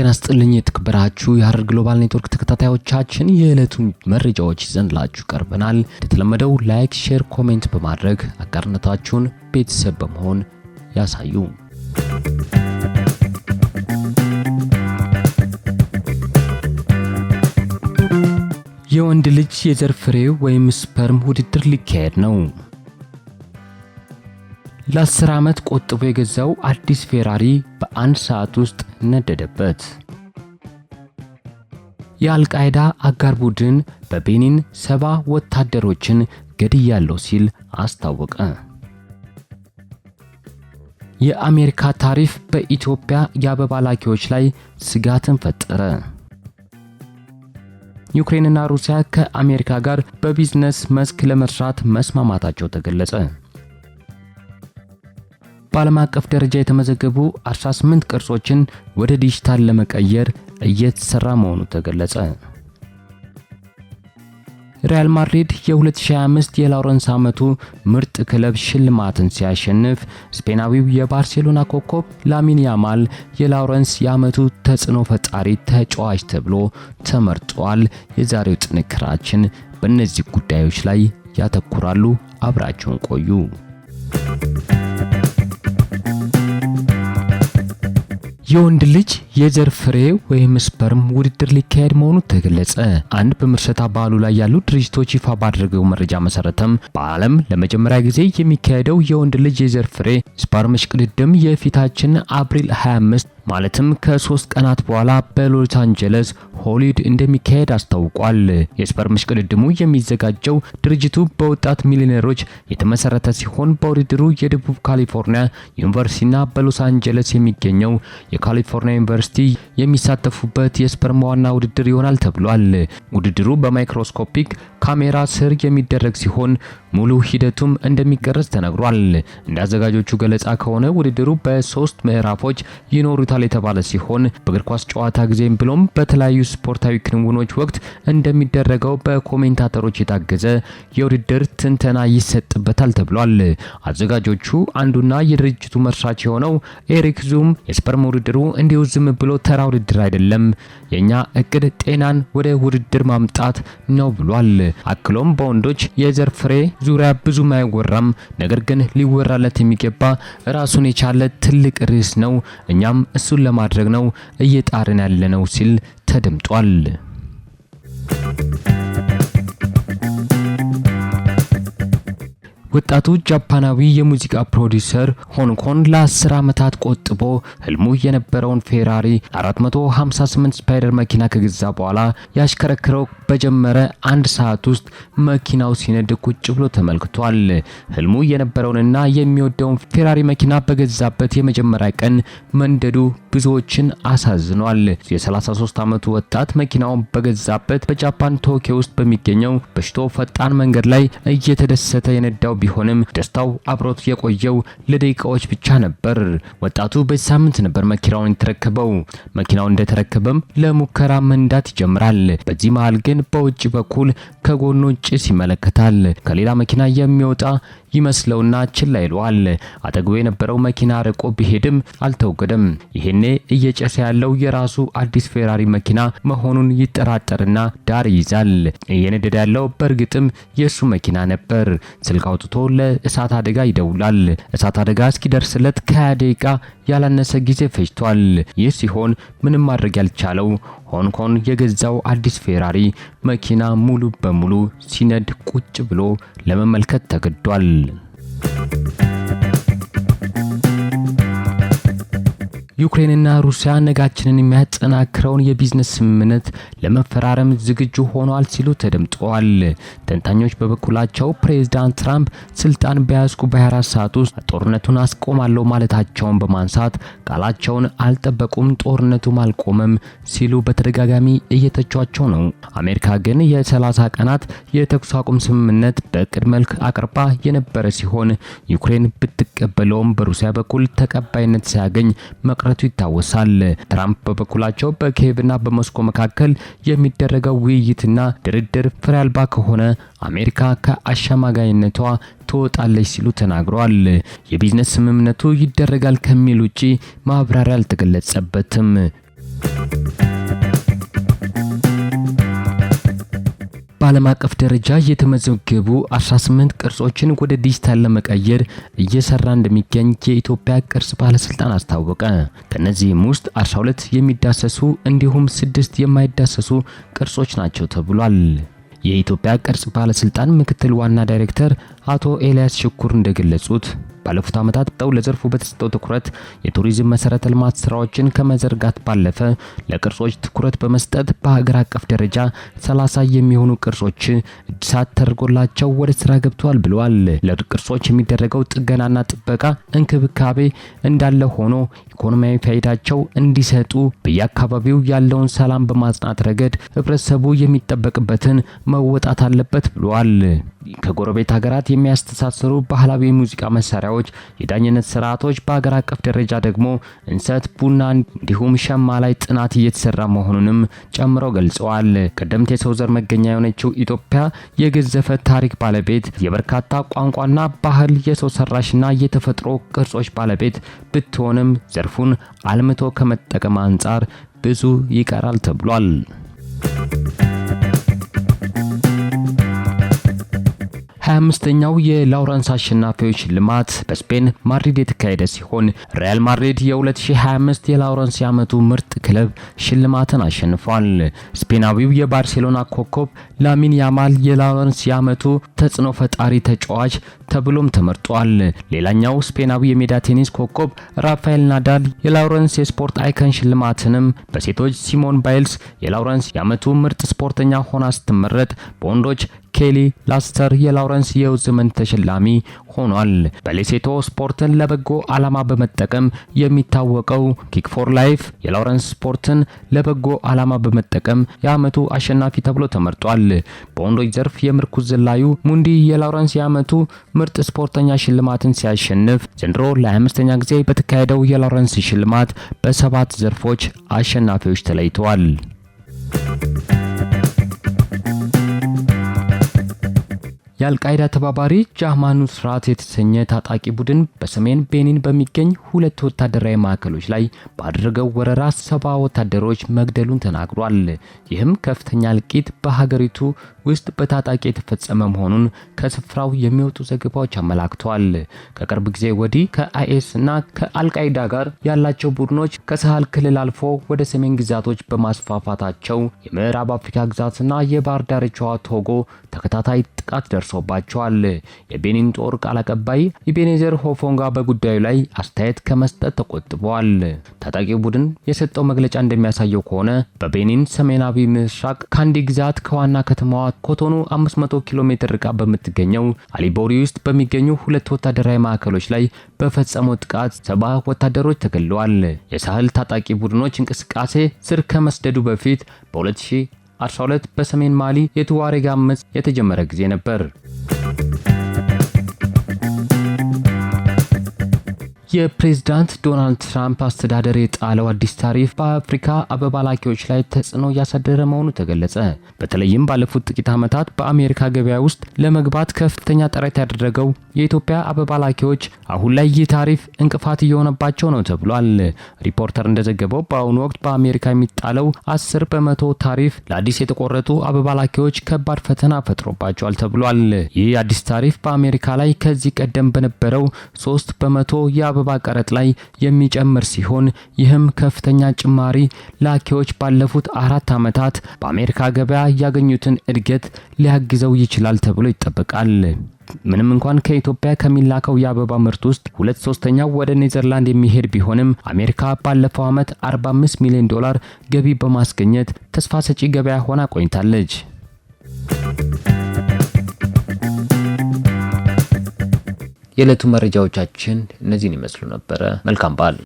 ጤና ስጥልኝ የተከበራችሁ የሐረር ግሎባል ኔትወርክ ተከታታዮቻችን የዕለቱን መረጃዎች ይዘንላችሁ ቀርበናል። እንደተለመደው ላይክ፣ ሼር፣ ኮሜንት በማድረግ አጋርነታችሁን ቤተሰብ በመሆን ያሳዩ። የወንድ ልጅ የዘር ፍሬ ወይም ስፐርም ውድድር ሊካሄድ ነው። ለ10 ዓመት ቆጥቦ የገዛው አዲስ ፌራሪ በአንድ ሰዓት ውስጥ ነደደበት። የአልቃይዳ አጋር ቡድን በቤኒን ሰባ ወታደሮችን ገድያለው ሲል አስታወቀ። የአሜሪካ ታሪፍ በኢትዮጵያ የአበባ ላኪዎች ላይ ስጋትን ፈጠረ። ዩክሬንና ሩሲያ ከአሜሪካ ጋር በቢዝነስ መስክ ለመስራት መስማማታቸው ተገለጸ። በዓለም አቀፍ ደረጃ የተመዘገቡ 18 ቅርሶችን ወደ ዲጂታል ለመቀየር እየተሰራ መሆኑ ተገለጸ። ሪያል ማድሪድ የ2025 የላውረንስ ዓመቱ ምርጥ ክለብ ሽልማትን ሲያሸንፍ ስፔናዊው የባርሴሎና ኮከብ ላሚን ያማል የላውረንስ የዓመቱ ተጽዕኖ ፈጣሪ ተጫዋች ተብሎ ተመርጧል። የዛሬው ጥንክራችን በእነዚህ ጉዳዮች ላይ ያተኩራሉ። አብራችሁን ቆዩ። የወንድ ልጅ የዘር ፍሬ ወይም ስፐርም ውድድር ሊካሄድ መሆኑ ተገለጸ። አንድ በምርሸታ በዓሉ ላይ ያሉ ድርጅቶች ይፋ ባደረገው መረጃ መሰረትም በዓለም ለመጀመሪያ ጊዜ የሚካሄደው የወንድ ልጅ የዘር ፍሬ ስፐርም እሽቅድድም የፊታችን አፕሪል 25 ማለትም ከሶስት ቀናት በኋላ በሎስ አንጀለስ ሆሊድ እንደሚካሄድ አስታውቋል። የስፐርም እሽቅድድሙ የሚዘጋጀው ድርጅቱ በወጣት ሚሊዮነሮች የተመሰረተ ሲሆን በውድድሩ የደቡብ ካሊፎርኒያ ዩኒቨርሲቲና በሎስ አንጀለስ የሚገኘው የካሊፎርኒያ ዩኒቨርሲቲ ዩኒቨርሲቲ የሚሳተፉበት የስፐርም ዋና ውድድር ይሆናል ተብሏል። ውድድሩ በማይክሮስኮፒክ ካሜራ ስር የሚደረግ ሲሆን ሙሉ ሂደቱም እንደሚቀረጽ ተነግሯል። እንደ አዘጋጆቹ ገለጻ ከሆነ ውድድሩ በሶስት ምዕራፎች ይኖሩታል የተባለ ሲሆን በእግር ኳስ ጨዋታ ጊዜም ብሎም በተለያዩ ስፖርታዊ ክንውኖች ወቅት እንደሚደረገው በኮሜንታተሮች የታገዘ የውድድር ትንተና ይሰጥበታል ተብሏል። አዘጋጆቹ አንዱና የድርጅቱ መስራች የሆነው ኤሪክ ዙም የስፐርም ውድድሩ እንዲውዝም ብሎ ተራ ውድድር አይደለም፣ የኛ እቅድ ጤናን ወደ ውድድር ማምጣት ነው ብሏል። አክሎም በወንዶች የዘር ፍሬ ዙሪያ ብዙም አይወራም፣ ነገር ግን ሊወራለት የሚገባ ራሱን የቻለ ትልቅ ርዕስ ነው። እኛም እሱን ለማድረግ ነው እየጣርን ያለነው ሲል ተደምጧል። ወጣቱ ጃፓናዊ የሙዚቃ ፕሮዲውሰር ሆንኮን ለ10 ዓመታት ቆጥቦ ህልሙ የነበረውን ፌራሪ 458 ስፓይደር መኪና ከገዛ በኋላ ያሽከረክረው በጀመረ አንድ ሰዓት ውስጥ መኪናው ሲነድ ቁጭ ብሎ ተመልክቷል። ህልሙ የነበረውንና የሚወደውን ፌራሪ መኪና በገዛበት የመጀመሪያ ቀን መንደዱ ብዙዎችን አሳዝኗል። የ33 ዓመቱ ወጣት መኪናውን በገዛበት በጃፓን ቶኪዮ ውስጥ በሚገኘው በሽቶ ፈጣን መንገድ ላይ እየተደሰተ የነዳው ቢሆንም ደስታው አብሮት የቆየው ለደቂቃዎች ብቻ ነበር። ወጣቱ በዚህ ሳምንት ነበር መኪናውን የተረከበው። መኪናው እንደተረከበም ለሙከራ መንዳት ይጀምራል። በዚህ መሃል ግን በውጭ በኩል ከጎኑ ጭስ ይመለከታል። ከሌላ መኪና የሚወጣ ይመስለውና ችላ ይለዋል። አጠገቡ የነበረው መኪና ርቆ ቢሄድም አልተወገደም። ይሄን ያኔ እየጨሰ ያለው የራሱ አዲስ ፌራሪ መኪና መሆኑን ይጠራጠርና ዳር ይይዛል። እየነደደ ያለው በእርግጥም የሱ መኪና ነበር። ስልክ አውጥቶ ለእሳት አደጋ ይደውላል። እሳት አደጋ እስኪደርስለት ከ20 ደቂቃ ያላነሰ ጊዜ ፈጅቷል። ይህ ሲሆን ምንም ማድረግ ያልቻለው ሆንኮን የገዛው አዲስ ፌራሪ መኪና ሙሉ በሙሉ ሲነድ ቁጭ ብሎ ለመመልከት ተገዷል። ዩክሬንና ሩሲያ ነጋችንን የሚያጠናክረውን የቢዝነስ ስምምነት ለመፈራረም ዝግጁ ሆኗል ሲሉ ተደምጠዋል። ተንታኞች በበኩላቸው ፕሬዝዳንት ትራምፕ ስልጣን በያዝኩ በ24 ሰዓት ውስጥ ጦርነቱን አስቆማለሁ ማለታቸውን በማንሳት ቃላቸውን አልጠበቁም፣ ጦርነቱም አልቆመም ሲሉ በተደጋጋሚ እየተቿቸው ነው። አሜሪካ ግን የ30 ቀናት የተኩስ አቁም ስምምነት በእቅድ መልክ አቅርባ የነበረ ሲሆን ዩክሬን ብትቀበለውም በሩሲያ በኩል ተቀባይነት ሳያገኝ መቅረ መቅረቱ ይታወሳል። ትራምፕ በበኩላቸው በኪየቭና በሞስኮ መካከል የሚደረገው ውይይትና ድርድር ፍሬ አልባ ከሆነ አሜሪካ ከአሸማጋይነቷ ትወጣለች ሲሉ ተናግረዋል። የቢዝነስ ስምምነቱ ይደረጋል ከሚል ውጪ ማብራሪያ አልተገለጸበትም። በዓለም አቀፍ ደረጃ የተመዘገቡ 18 ቅርሶችን ወደ ዲጂታል ለመቀየር እየሰራ እንደሚገኝ የኢትዮጵያ ቅርስ ባለስልጣን አስታወቀ። ከነዚህም ውስጥ 12 የሚዳሰሱ እንዲሁም ስድስት የማይዳሰሱ ቅርሶች ናቸው ተብሏል። የኢትዮጵያ ቅርስ ባለስልጣን ምክትል ዋና ዳይሬክተር አቶ ኤልያስ ሽኩር እንደገለጹት ባለፉት ዓመታት ጠው ለዘርፉ በተሰጠው ትኩረት የቱሪዝም መሰረተ ልማት ስራዎችን ከመዘርጋት ባለፈ ለቅርሶች ትኩረት በመስጠት በሀገር አቀፍ ደረጃ 30 የሚሆኑ ቅርሶች እድሳት ተደርጎላቸው ወደ ስራ ገብተዋል ብለዋል። ለቅርሶች የሚደረገው ጥገናና ጥበቃ እንክብካቤ እንዳለ ሆኖ ኢኮኖሚያዊ ፋይዳቸው እንዲሰጡ በየአካባቢው ያለውን ሰላም በማጽናት ረገድ ህብረተሰቡ የሚጠበቅበትን መወጣት አለበት ብለዋል። ከጎረቤት ሀገራት የሚያስተሳስሩ ባህላዊ የሙዚቃ መሳሪያዎች፣ የዳኝነት ስርዓቶች፣ በሀገር አቀፍ ደረጃ ደግሞ እንሰት፣ ቡና እንዲሁም ሸማ ላይ ጥናት እየተሰራ መሆኑንም ጨምረው ገልጸዋል። ቀደምት የሰው ዘር መገኛ የሆነችው ኢትዮጵያ የገዘፈ ታሪክ ባለቤት፣ የበርካታ ቋንቋና ባህል፣ የሰው ሰራሽና የተፈጥሮ ቅርጾች ባለቤት ብትሆንም ዘርፉን አልምቶ ከመጠቀም አንጻር ብዙ ይቀራል ተብሏል። 25ኛው የላውረንስ አሸናፊዎች ሽልማት በስፔን ማድሪድ የተካሄደ ሲሆን ሪያል ማድሪድ የ2025 የላውረንስ የዓመቱ ምርጥ ክለብ ሽልማትን አሸንፏል። ስፔናዊው የባርሴሎና ኮከብ ላሚን ያማል የላውረንስ የዓመቱ ተጽዕኖ ፈጣሪ ተጫዋች ተብሎም ተመርጧል። ሌላኛው ስፔናዊ የሜዳ ቴኒስ ኮከብ ራፋኤል ናዳል የላውረንስ የስፖርት አይከን ሽልማትንም በሴቶች ሲሞን ባይልስ የላውረንስ የዓመቱ ምርጥ ስፖርተኛ ሆና ስትመረጥ በወንዶች ኬሊ ላስተር የላውረንስ የውዝ ዘመን ተሸላሚ ሆኗል። በሌሴቶ ስፖርትን ለበጎ ዓላማ በመጠቀም የሚታወቀው ኪክ ፎር ላይፍ የላውረንስ ስፖርትን ለበጎ ዓላማ በመጠቀም የዓመቱ አሸናፊ ተብሎ ተመርጧል። በወንዶች ዘርፍ የምርኩዝ ዝላዩ ሙንዲ የላውረንስ የዓመቱ ምርጥ ስፖርተኛ ሽልማትን ሲያሸንፍ ዘንድሮ ለ25ኛ ጊዜ በተካሄደው የላውረንስ ሽልማት በሰባት ዘርፎች አሸናፊዎች ተለይተዋል። የአልቃይዳ ተባባሪ ጃህማኑ ስርዓት የተሰኘ ታጣቂ ቡድን በሰሜን ቤኒን በሚገኝ ሁለት ወታደራዊ ማዕከሎች ላይ ባደረገው ወረራ ሰባ ወታደሮች መግደሉን ተናግሯል። ይህም ከፍተኛ እልቂት በሀገሪቱ ውስጥ በታጣቂ የተፈጸመ መሆኑን ከስፍራው የሚወጡ ዘገባዎች አመላክተዋል። ከቅርብ ጊዜ ወዲህ ከአይኤስ እና ከአልቃይዳ ጋር ያላቸው ቡድኖች ከሳህል ክልል አልፎ ወደ ሰሜን ግዛቶች በማስፋፋታቸው የምዕራብ አፍሪካ ግዛትና የባህር ዳርቻዋ ቶጎ ተከታታይ ጥቃት ደርሶባቸዋል። የቤኒን ጦር ቃል አቀባይ ኢቤኔዘር ሆፎንጋ በጉዳዩ ላይ አስተያየት ከመስጠት ተቆጥበዋል። ታጣቂው ቡድን የሰጠው መግለጫ እንደሚያሳየው ከሆነ በቤኒን ሰሜናዊ ምስራቅ ካንዲ ግዛት ከዋና ከተማዋ ኮቶኑ 500 ኪሎ ሜትር ርቃ በምትገኘው አሊቦሪ ውስጥ በሚገኙ ሁለት ወታደራዊ ማዕከሎች ላይ በፈጸመው ጥቃት ሰባ ወታደሮች ተገለዋል። የሳህል ታጣቂ ቡድኖች እንቅስቃሴ ስር ከመስደዱ በፊት በ2000 12 በሰሜን ማሊ የቱዋሬግ አመጽ የተጀመረ ጊዜ ነበር። የፕሬዝዳንት ዶናልድ ትራምፕ አስተዳደር የጣለው አዲስ ታሪፍ በአፍሪካ አበባ ላኪዎች ላይ ተጽዕኖ እያሳደረ መሆኑ ተገለጸ። በተለይም ባለፉት ጥቂት ዓመታት በአሜሪካ ገበያ ውስጥ ለመግባት ከፍተኛ ጥረት ያደረገው የኢትዮጵያ አበባ ላኪዎች አሁን ላይ ይህ ታሪፍ እንቅፋት እየሆነባቸው ነው ተብሏል። ሪፖርተር እንደዘገበው በአሁኑ ወቅት በአሜሪካ የሚጣለው አስር በመቶ ታሪፍ ለአዲስ የተቆረጡ አበባ ላኪዎች ከባድ ፈተና ፈጥሮባቸዋል ተብሏል። ይህ አዲስ ታሪፍ በአሜሪካ ላይ ከዚህ ቀደም በነበረው ሶስት በመቶ አበባ ቀረጥ ላይ የሚጨምር ሲሆን ይህም ከፍተኛ ጭማሪ ላኪዎች ባለፉት አራት ዓመታት በአሜሪካ ገበያ ያገኙትን እድገት ሊያግዘው ይችላል ተብሎ ይጠበቃል። ምንም እንኳን ከኢትዮጵያ ከሚላከው የአበባ ምርት ውስጥ ሁለት ሶስተኛው ወደ ኔዘርላንድ የሚሄድ ቢሆንም አሜሪካ ባለፈው ዓመት 45 ሚሊዮን ዶላር ገቢ በማስገኘት ተስፋ ሰጪ ገበያ ሆና ቆይታለች። የዕለቱ መረጃዎቻችን እነዚህን ይመስሉ ነበረ። መልካም በዓል